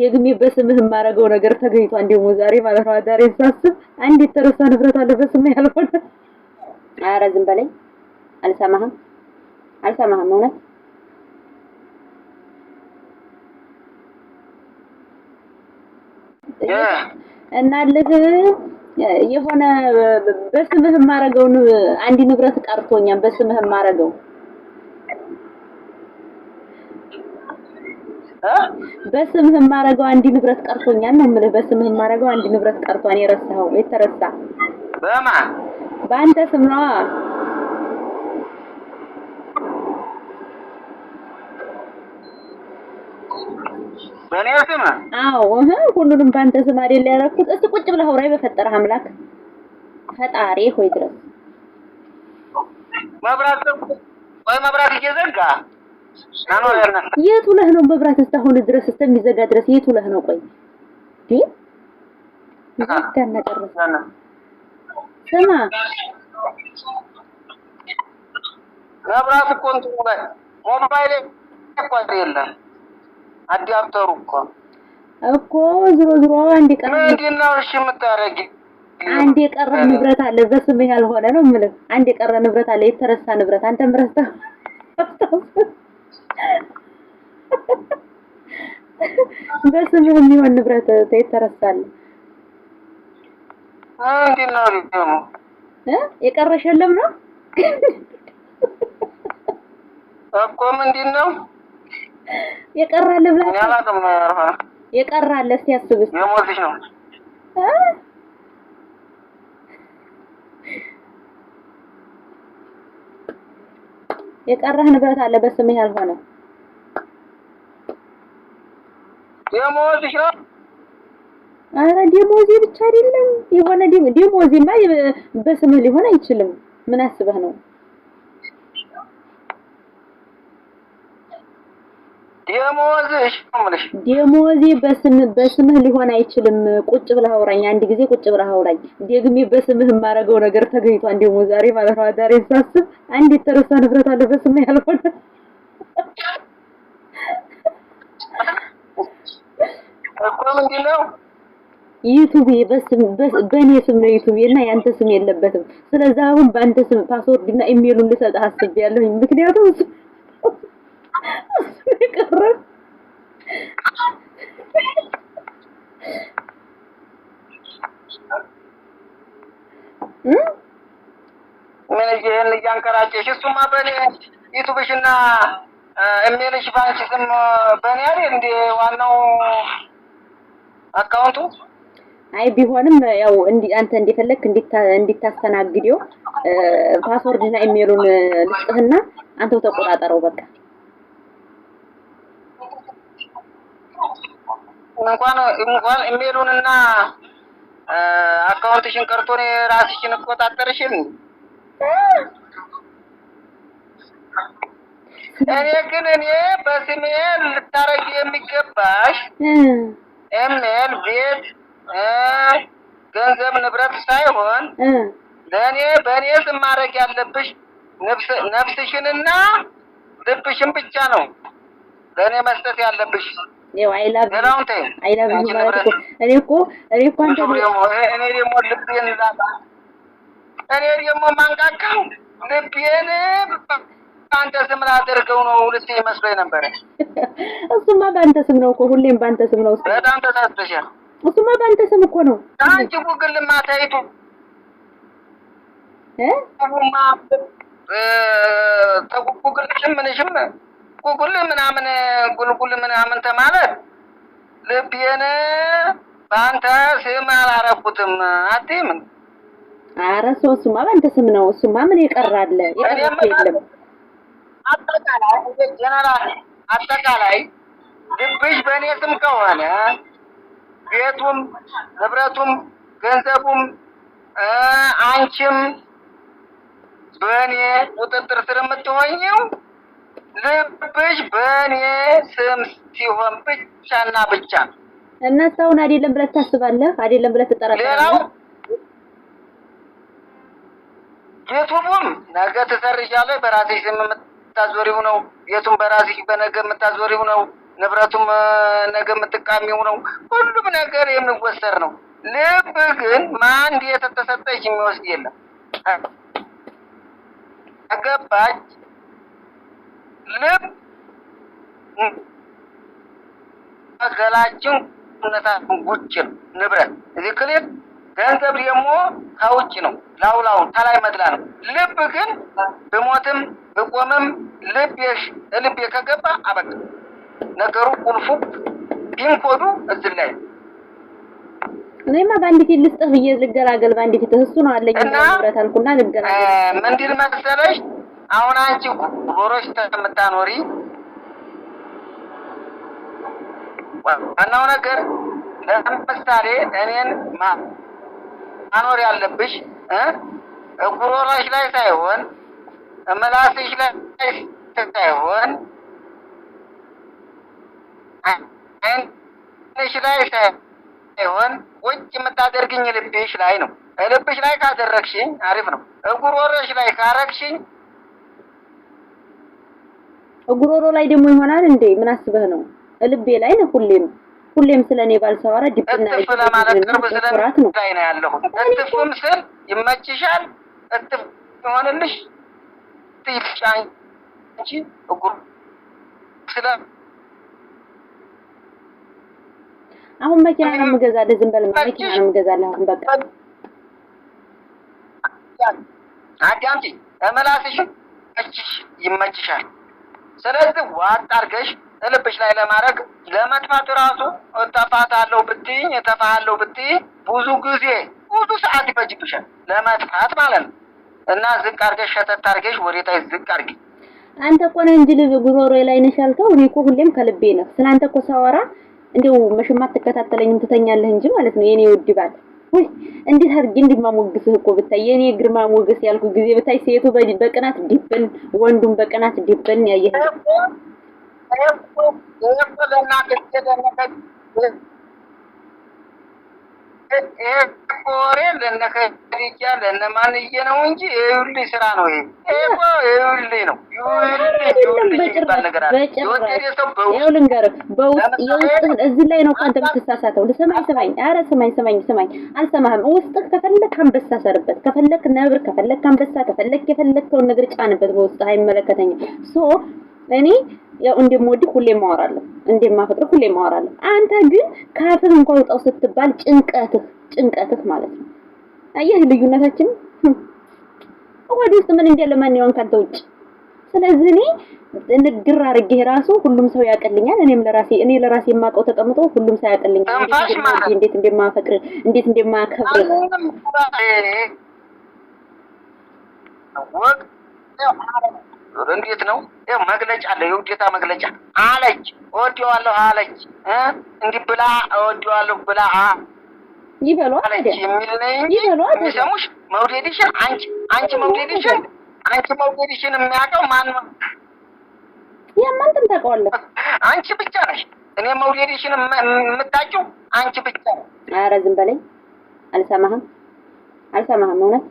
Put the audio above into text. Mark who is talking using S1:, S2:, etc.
S1: ደግሜ በስምህ የማደርገው ነገር ተገኝቷል። ደግሞ ዛሬ ማለት ነው አዳሬ ሳስብ አንድ የተረሳ ንብረት አለ በስምህ ያልሆነ። ኧረ ዝም በለኝ አልሰማህም፣ አልሰማህም እውነት እና ልህ የሆነ በስምህ የማደርገውን አንድ ንብረት ቀርቶኛል በስምህ የማደርገው በስምህ የማደርገው አንድ ንብረት ቀርቶኛል ነው የምልህ። በስምህ የማደርገው አንድ ንብረት ቀርቷን የረሳኸው የተረሳ በማን በአንተ ስም ነዋ። በእኔ ስም? አዎ። ሁሉንም በአንተ ስም አይደል ያደረኩት? እስቲ ቁጭ ብለህ አውራይ በፈጠረ አምላክ ፈጣሪ ሆይ ድረስ
S2: መብራት ወይ መብራት እየዘጋ
S1: የት ውለህ ነው መብራት እስካሁን ድረስ እስከሚዘጋ ድረስ የት ውለህ ነው? ቆይ ዲ ስማ
S2: መብራት እኮ እንትኑ ላይ ሞባይል አዳፕተሩ እኮ
S1: እኮ ዝሮ ዝሮ አንድ ቀረ።
S2: ምንድን ነው እሺ
S1: አንድ የቀረ ንብረት አለ በስምህ ያልሆነ ነው የምልህ። አንድ የቀረ ንብረት አለ የተረሳ ንብረት አንተም ረስተህ በስምህ የሚሆን ንብረት ተይተረሳል። የቀረሽ የለም ነው
S2: እኮ ምንድን ነው የቀራለ ብላ
S1: የቀራለ እስቲ አስብ የሞትሽ ነው የቀረህ ንብረት አለ በስምህ ያልሆነ
S2: ደሞዝሽ
S1: አረ ደሞዜ ብቻ አይደለም የሆነ ደሞዜማ በስምህ ሊሆን አይችልም። ምን አስበህ ነው?
S2: ደሞዝሽ
S1: ደሞዜ በስምህ ሊሆን አይችልም። ቁጭ ብለህ አውራኝ አንድ ጊዜ ቁጭ ብለህ አውራኝ። ደግሜ በስምህ የማደርገው ነገር ተገኝቷል። ደሞዝ ዛሬ ማለት ነው። ዛሬ ሳስብ አንድ የተረሳ ንብረት አለ በስምህ ያልሆነ ዩቱብ በስም በኔ ስም ነው ዩቱብ እና ያንተ ስም የለበትም። ስለዚህ አሁን በአንተ ስም ፓስወርድ እና ኢሜሉን ልሰጥህ አስቤያለሁኝ ምክንያቱም ቀረ።
S2: ምን ይሄን እያንከራጨሽ? እሱማ በኔ ዩቱብሽና ኢሜልሽ ባንቺ ስም በኔ አይደል እንዴ ዋናው አካውንቱ
S1: አይ ቢሆንም ያው እንዲ አንተ እንደፈለክ እንዲታስተናግደው ፓስወርድና ኢሜሉን ልስጥህና አንተው ተቆጣጠረው በቃ።
S2: እንኳን እንኳን ኢሜሉንና አካውንትሽን ቀርቶ ራስሽን እቆጣጠርሽን። እኔ ግን እኔ በስሜ ልታረጊ የሚገባሽ ኤምኤል ቤት፣ ገንዘብ፣ ንብረት ሳይሆን ለእኔ በእኔ ስም ማድረግ ያለብሽ ነፍስሽንና ልብሽን ብቻ ነው ለእኔ መስጠት ያለብሽ።
S1: ያው አይ ላቭ አይ ላቭ ዩ ማለት እኮ እኔ እኮ እኔ እኮ አንተ
S2: እኔ ደግሞ ልቤን ላጣ እኔ ደግሞ ማንቃቃው ልቤን በአንተ ስም ላደርገው ነው ሁለት መስሎኝ ነበረ።
S1: እሱማ በአንተ ስም ነው እኮ ሁሌም በአንተ ስም ነው።
S2: በጣም ተሳስተሻል።
S1: እሱማ በአንተ ስም እኮ ነው።
S2: አንቺ ጉግል ማታይቱ እ ጉግል ምንሽም ጉጉል ምናምን ጉልጉል ምናምን ተማለት ልቤን በአንተ ስም አላረኩትም። አትይም
S1: አረ ሰው እሱማ በአንተ ስም ነው። እሱማ ምን ይቀራል? ይቀራል የለም።
S2: አጠቃላይ ጀነራል፣ አጠቃላይ ልብሽ በእኔ ስም ከሆነ ቤቱም ንብረቱም ገንዘቡም አንቺም በእኔ ቁጥጥር ስር የምትሆኝው ልብሽ በእኔ ስም ሲሆን ብቻና ብቻ ነው።
S1: እነሳውን አይደለም ብለህ ታስባለህ፣ አይደለም ብለህ ትጠራጠራለህ። ሌላው
S2: የቱቡም ነገ ትሰርዣለሽ፣ በራስሽ ስም የምታዞሪው ነው። ቤቱም በራስሽ በነገ የምታዞሪው ነው። ንብረቱም ነገ የምትቃሚው ነው። ሁሉም ነገር የሚወሰድ ነው። ልብ ግን ማን የተተሰጠች የሚወስድ የለም። አገባች ልብ ገላጭን እውነታን ውጭ ነው ንብረት እዚህ ክሊል ገንዘብ ደግሞ ከውጭ ነው ላውላው ከላይ መጥላ ነው። ልብ ግን ብሞትም ብቆምም ልብ ልብ ከገባ አበቃ ነገሩ ቁልፉ ቢንኮዱ እዚህ ላይ
S1: እኔማ በአንድ ፊት ልስጥህ ብዬ ልገላገል በአንድ ፊት እሱ ነው አለኝ። ንብረት አልኩና
S2: ልገላገል ምንድን መሰለሽ አሁን አንቺ ጎሮች ከምታኖሪ ዋናው ነገር ለምሳሌ እኔን ማኖር ያለብሽ ጉሮሮሽ ላይ ሳይሆን ምላስሽ ላይ ሳይሆን ዓይንሽ ላይ ሳይሆን ወጭ የምታደርግኝ ልብሽ ላይ ነው። ልብሽ ላይ ካደረግሽኝ አሪፍ ነው። ጉሮሮሽ ላይ ካረግሽኝ
S1: ጉሮሮ ላይ ደግሞ ይሆናል እንዴ? ምን አስበህ ነው? ልቤ ላይ ነው ሁሌም ሁሌም ስለ እኔ ባልሰዋራ ዲፕና ነው
S2: ላይ ነው ያለሁ። እጥፍም ስል ይመችሻል፣ እጥፍ ይሆንልሽ ትይጫኝ እንጂ እጉር ስለ
S1: አሁን መኪና ነው የምገዛልህ። ዝም በል መኪና ነው የምገዛልህ። አሁን በቃ
S2: አዳምጪ፣ እመላስሽ ይመችሻል ስለዚህ ዋጥ አድርገሽ እልብሽ ላይ ለማድረግ ለመጥፋቱ ራሱ እጠፋታለሁ ብትይኝ እጠፋለሁ ብትይ ብዙ ጊዜ ብዙ ሰዓት ይፈጅብሻል ለመጥፋት ማለት ነው። እና ዝቅ አድርገሽ ሸተት አድርገሽ ወዴታች ዝቅ አድርጊ።
S1: አንተ እኮ ነው እንጂ ጉሮሮ ላይ ነሽ ያልከው። እኔ እኮ ሁሌም ከልቤ ነው። ስለአንተ እኮ ሳወራ እንደው መሽማት ትከታተለኝም ትተኛለህ እንጂ ማለት ነው የኔ ውድ ባል ወይ እንዴት አድርጌ እንዲማሞግስህ እኮ ብታይ የኔ ግርማ ሞገስ ያልኩ ጊዜ ብታይ ሴቱ በቅናት ዲበን፣ ወንዱም በቅናት ዲበን ያየህ
S2: ቦሬ ለነከዲጃ ለነማንዬ ነው እንጂ የዩሊ ስራ ነው። ይሄ እኮ የዩሊ ነው።
S1: እዚህ ላይ ነው አንተ የምትሳሳተው። ስማኝ ስማኝ፣ ኧረ ስማኝ ስማኝ ስማኝ፣ አልሰማህም። ውስጥህ ከፈለክ አንበሳ ሰርበት፣ ከፈለክ ነብር፣ ከፈለክ አንበሳ፣ ከፈለክ የፈለግከውን ነገር ጫንበት በውስጥህ፣ አይመለከተኝም ሶ እኔ ያው እንደምወድህ ሁሌ ማወራለሁ፣ እንደማፈቅርህ ሁሌ ማወራለሁ። አንተ ግን ካፍህ እንኳን ውጣው ስትባል ጭንቀትህ ጭንቀትህ ማለት ነው። አየህ ልዩነታችን ወደ ውስጥ ምን እንዳለ ማንኛውም ካንተ ውጭ። ስለዚህ እኔ ንግር አድርጌ ራሱ ሁሉም ሰው ያቀልኛል። እኔም ለራሴ እኔ ለራሴ የማውቀው ተቀምጦ ሁሉም ሰው ያቀልኛል። እንዴት እንደማፈቅር እንዴት እንደማከብር
S2: ወቅ እንዴት ነው መግለጫ አለ፣ የውዴታ መግለጫ አለች። እወደዋለሁ አለች፣ እንዲህ ብላ እወደዋለሁ ብላ ይበሏ አለች። የሚል የሚሰሙሽ። መውደድሽን አንቺ አንቺ መውደድሽን አንቺ መውደድሽን የሚያውቀው ማን ነው? ታውቀዋለህ አንቺ ብቻ ነሽ። እኔ መውደድሽን የምታውቂው አንቺ ብቻ ነው።
S1: ኧረ ዝም በለኝ፣ አልሰማህም፣ አልሰማህም እውነት